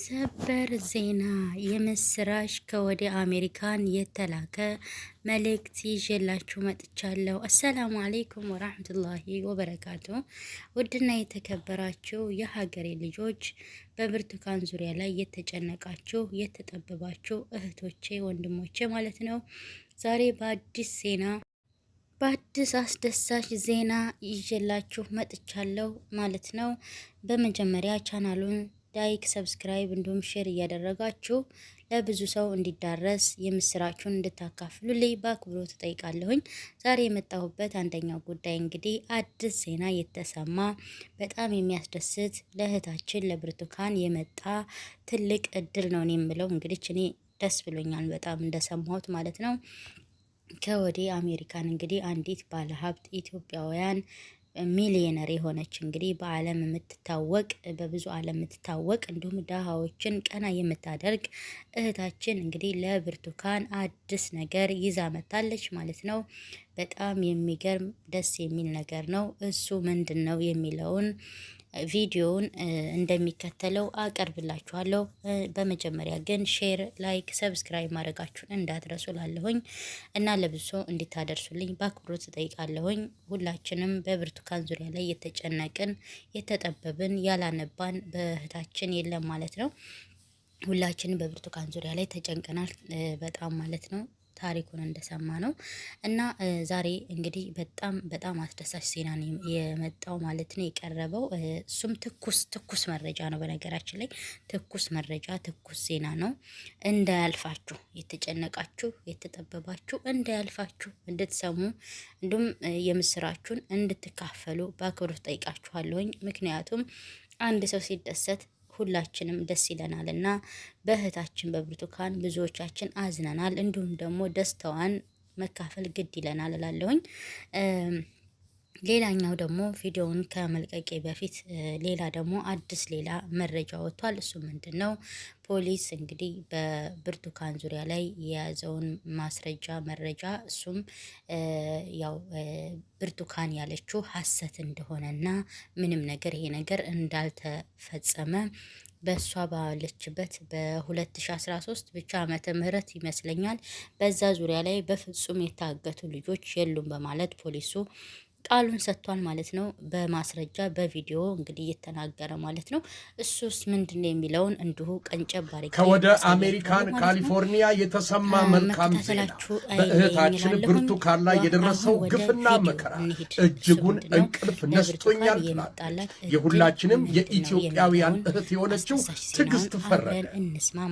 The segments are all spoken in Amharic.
ሰበር ዜና የምስራች ከወደ አሜሪካን የተላከ መልእክት ይዤላችሁ መጥቻለሁ። አሰላሙ አሌይኩም ወራህመቱላሂ ወበረካቱ። ውድና የተከበራችሁ የሀገሬ ልጆች በብርቱካን ዙሪያ ላይ የተጨነቃችሁ የተጠበባችሁ እህቶቼ ወንድሞቼ ማለት ነው ዛሬ በአዲስ ዜና በአዲስ አስደሳች ዜና ይዤላችሁ መጥቻለሁ ማለት ነው። በመጀመሪያ ቻናሉን ላይክ፣ ሰብስክራይብ እንዲሁም ሼር እያደረጋችሁ ለብዙ ሰው እንዲዳረስ የምስራችሁን እንድታካፍሉልኝ በአክብሮት እጠይቃለሁኝ። ዛሬ የመጣሁበት አንደኛው ጉዳይ እንግዲህ አዲስ ዜና የተሰማ በጣም የሚያስደስት ለእህታችን ለብርቱካን የመጣ ትልቅ እድል ነው እኔ የምለው እንግዲህ እኔ ደስ ብሎኛል በጣም እንደሰማሁት ማለት ነው። ከወዲህ አሜሪካን እንግዲህ አንዲት ባለሀብት ኢትዮጵያውያን ሚሊየነር የሆነች እንግዲህ በዓለም የምትታወቅ በብዙ ዓለም የምትታወቅ እንዲሁም ድሃዎችን ቀና የምታደርግ እህታችን እንግዲህ ለብርቱካን አዲስ ነገር ይዛ መታለች ማለት ነው። በጣም የሚገርም ደስ የሚል ነገር ነው። እሱ ምንድን ነው የሚለውን ቪዲዮውን እንደሚከተለው አቀርብላችኋለሁ። በመጀመሪያ ግን ሼር፣ ላይክ፣ ሰብስክራይብ ማድረጋችሁን እንዳትረሱ ላለሁኝ እና ለብሶ እንዲታደርሱልኝ በአክብሮት ትጠይቃለሁኝ። ሁላችንም በብርቱካን ዙሪያ ላይ የተጨነቅን የተጠበብን ያላነባን በእህታችን የለም ማለት ነው። ሁላችንም በብርቱካን ዙሪያ ላይ ተጨንቀናል በጣም ማለት ነው። ታሪኩን እንደሰማ ነው። እና ዛሬ እንግዲህ በጣም በጣም አስደሳች ዜና የመጣው ማለት ነው የቀረበው። እሱም ትኩስ ትኩስ መረጃ ነው። በነገራችን ላይ ትኩስ መረጃ ትኩስ ዜና ነው። እንዳያልፋችሁ የተጨነቃችሁ የተጠበባችሁ እንዳያልፋችሁ እንድትሰሙ እንዲሁም የምስራችሁን እንድትካፈሉ በአክብሮት ጠይቃችኋለሁኝ። ምክንያቱም አንድ ሰው ሲደሰት ሁላችንም ደስ ይለናል እና በእህታችን በብርቱካን ብዙዎቻችን አዝነናል። እንዲሁም ደግሞ ደስታዋን መካፈል ግድ ይለናል እላለሁኝ። ሌላኛው ደግሞ ቪዲዮውን ከመልቀቄ በፊት ሌላ ደግሞ አዲስ ሌላ መረጃ ወጥቷል። እሱ ምንድን ነው? ፖሊስ እንግዲህ በብርቱካን ዙሪያ ላይ የያዘውን ማስረጃ መረጃ እሱም ያው ብርቱካን ያለችው ሐሰት እንደሆነና ምንም ነገር ይሄ ነገር እንዳልተፈጸመ በእሷ ባለችበት በ2013 ብቻ ዓመተ ምህረት ይመስለኛል በዛ ዙሪያ ላይ በፍጹም የታገቱ ልጆች የሉም በማለት ፖሊሱ ቃሉን ሰጥቷል ማለት ነው። በማስረጃ በቪዲዮ እንግዲህ እየተናገረ ማለት ነው። እሱስ ምንድን ነው የሚለውን እንዲሁ ቀንጨብ አድርጌ ከወደ አሜሪካን ካሊፎርኒያ የተሰማ መልካም ዜና በእህታችን ብርቱካን ላይ የደረሰው ግፍና መከራ እጅጉን እንቅልፍ ነስቶኛል ትላለች። የሁላችንም የኢትዮጵያውያን እህት የሆነችው ትዕግስት ፈረደ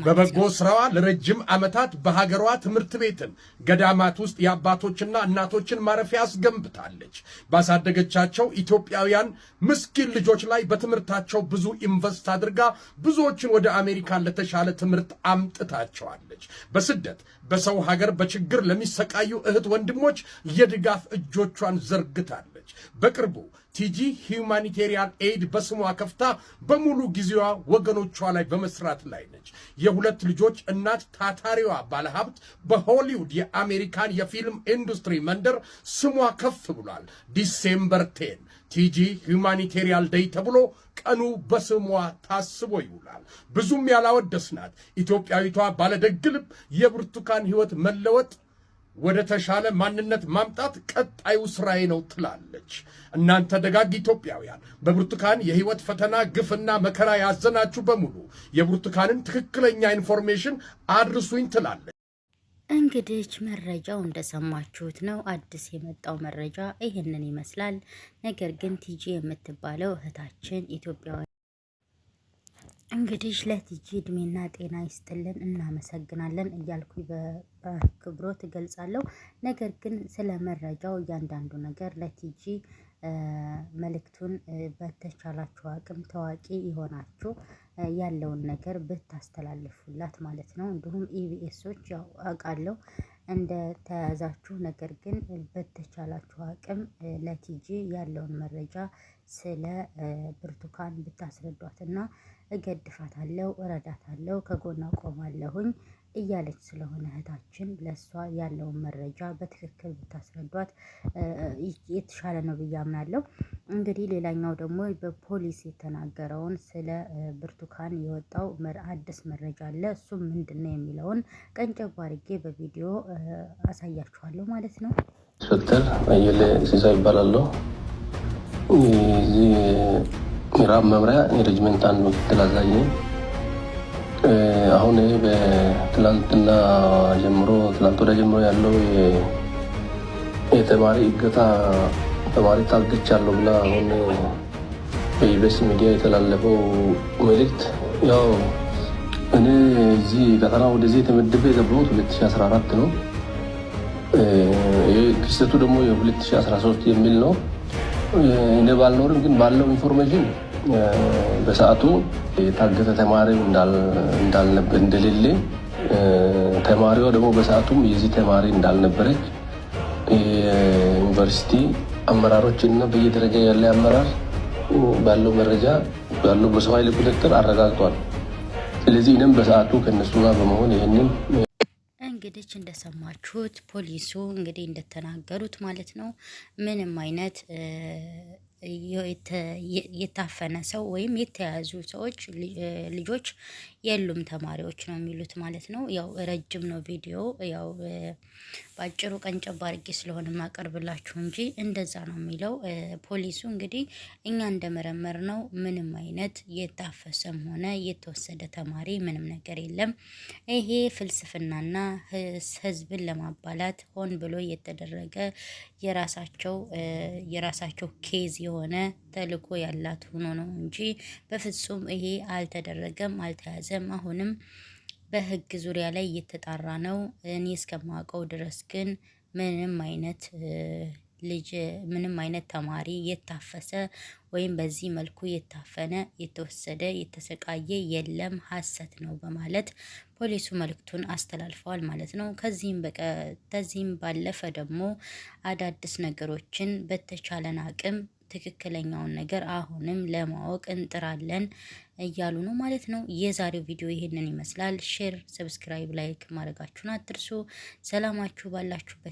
በበጎ ስራዋ ለረጅም ዓመታት በሀገሯ ትምህርት ቤትን ገዳማት ውስጥ የአባቶችና እናቶችን ማረፊያ አስገንብታለች። ባሳደገቻቸው ኢትዮጵያውያን ምስኪን ልጆች ላይ በትምህርታቸው ብዙ ኢንቨስት አድርጋ ብዙዎችን ወደ አሜሪካን ለተሻለ ትምህርት አምጥታቸዋለች። በስደት በሰው ሀገር በችግር ለሚሰቃዩ እህት ወንድሞች የድጋፍ እጆቿን ዘርግታል። አስታውቃለች። በቅርቡ ቲጂ ሂውማኒቴሪያን ኤድ በስሟ ከፍታ በሙሉ ጊዜዋ ወገኖቿ ላይ በመስራት ላይ ነች። የሁለት ልጆች እናት ታታሪዋ ባለሀብት በሆሊውድ የአሜሪካን የፊልም ኢንዱስትሪ መንደር ስሟ ከፍ ብሏል። ዲሴምበር ቴን ቲጂ ሂውማኒቴሪያን ደይ ተብሎ ቀኑ በስሟ ታስቦ ይውላል። ብዙም ያላወደስናት ኢትዮጵያዊቷ ባለደግልብ የብርቱካን ሕይወት መለወጥ ወደ ተሻለ ማንነት ማምጣት ቀጣዩ ስራዬ ነው ትላለች። እናንተ ደጋግ ኢትዮጵያውያን በብርቱካን የህይወት ፈተና ግፍና መከራ ያዘናችሁ በሙሉ የብርቱካንን ትክክለኛ ኢንፎርሜሽን አድርሱኝ ትላለች። እንግዲህ መረጃው እንደሰማችሁት ነው። አዲስ የመጣው መረጃ ይህንን ይመስላል። ነገር ግን ቲጂ የምትባለው እህታችን ኢትዮጵያ እንግዲህ ለቲጂ እድሜና ጤና ይስጥልን እናመሰግናለን እያልኩ በክብሮት እገልጻለሁ። ነገር ግን ስለ መረጃው እያንዳንዱ ነገር ለቲጂ መልእክቱን በተቻላችሁ አቅም ታዋቂ የሆናችሁ ያለውን ነገር ብታስተላልፉላት ማለት ነው። እንዲሁም ኢቢኤሶች አውቃለሁ እንደ ተያዛችሁ፣ ነገር ግን በተቻላችሁ አቅም ለቲጂ ያለውን መረጃ ስለ ብርቱካን ብታስረዷት እና እገድፋታለሁ፣ እረዳታለሁ፣ ከጎና ቆማለሁኝ እያለች ስለሆነ እህታችን ለእሷ ያለውን መረጃ በትክክል ብታስረዷት የተሻለ ነው ብዬ አምናለሁ። እንግዲህ ሌላኛው ደግሞ በፖሊስ የተናገረውን ስለ ብርቱካን የወጣው አዲስ መረጃ አለ። እሱም ምንድን ነው የሚለውን ቀንጨብ አድርጌ በቪዲዮ አሳያችኋለሁ ማለት ነው። ዶክተር አየለ ሲሳ ይባላለሁ። ምዕራብ መምሪያ የሬጅመንት አንድ ምክትል አዛዥ ነኝ። አሁን በትላንትና ጀምሮ ትላንት ወደ ጀምሮ ያለው የተማሪ እገታ ተማሪ ታግቻለሁ ብላ አሁን በኢቢኤስ ሚዲያ የተላለፈው መልእክት ያው እኔ እዚህ ቀጠና ወደዚህ የተመደበ የገባሁት 2014 ነው። ክስተቱ ደግሞ የ2013 የሚል ነው። እኔ ባልኖርም ግን ባለው ኢንፎርሜሽን በሰዓቱ የታገተ ተማሪ እንደሌለ ተማሪዋ ደግሞ በሰዓቱም የዚህ ተማሪ እንዳልነበረ የዩኒቨርሲቲ አመራሮች እና በየደረጃ ያለ አመራር ባለው መረጃ ባለው በሰው ኃይል ቁጥጥር አረጋግጧል። ስለዚህ ይህንም በሰዓቱ ከነሱ ጋር በመሆን ይህንን እንግዲህ እንደሰማችሁት ፖሊሱ እንግዲህ እንደተናገሩት ማለት ነው ምንም አይነት የታፈነ ሰው ወይም የተያዙ ሰዎች ልጆች የሉም ተማሪዎች ነው የሚሉት ማለት ነው። ያው ረጅም ነው ቪዲዮ ያው በአጭሩ ቀንጨብ አድርጌ ስለሆነ ማቀርብላችሁ እንጂ እንደዛ ነው የሚለው። ፖሊሱ እንግዲህ እኛ እንደመረመር ነው ምንም አይነት የታፈሰም ሆነ የተወሰደ ተማሪ ምንም ነገር የለም። ይሄ ፍልስፍናና ህዝብን ለማባላት ሆን ብሎ የተደረገ የራሳቸው የራሳቸው ኬዝ የሆነ ተልእኮ ያላት ሆኖ ነው እንጂ በፍጹም ይሄ አልተደረገም፣ አልተያዘም። አሁንም በህግ ዙሪያ ላይ እየተጣራ ነው። እኔ እስከማውቀው ድረስ ግን ምንም አይነት ልጅ ምንም አይነት ተማሪ የታፈሰ ወይም በዚህ መልኩ የታፈነ የተወሰደ የተሰቃየ የለም፣ ሀሰት ነው በማለት ፖሊሱ መልእክቱን አስተላልፈዋል ማለት ነው። ከዚህም በቀ ከዚህም ባለፈ ደግሞ አዳዲስ ነገሮችን በተቻለን አቅም ትክክለኛውን ነገር አሁንም ለማወቅ እንጥራለን እያሉ ነው ማለት ነው። የዛሬው ቪዲዮ ይህንን ይመስላል። ሼር፣ ሰብስክራይብ፣ ላይክ ማድረጋችሁን አትርሱ። ሰላማችሁ ባላችሁበት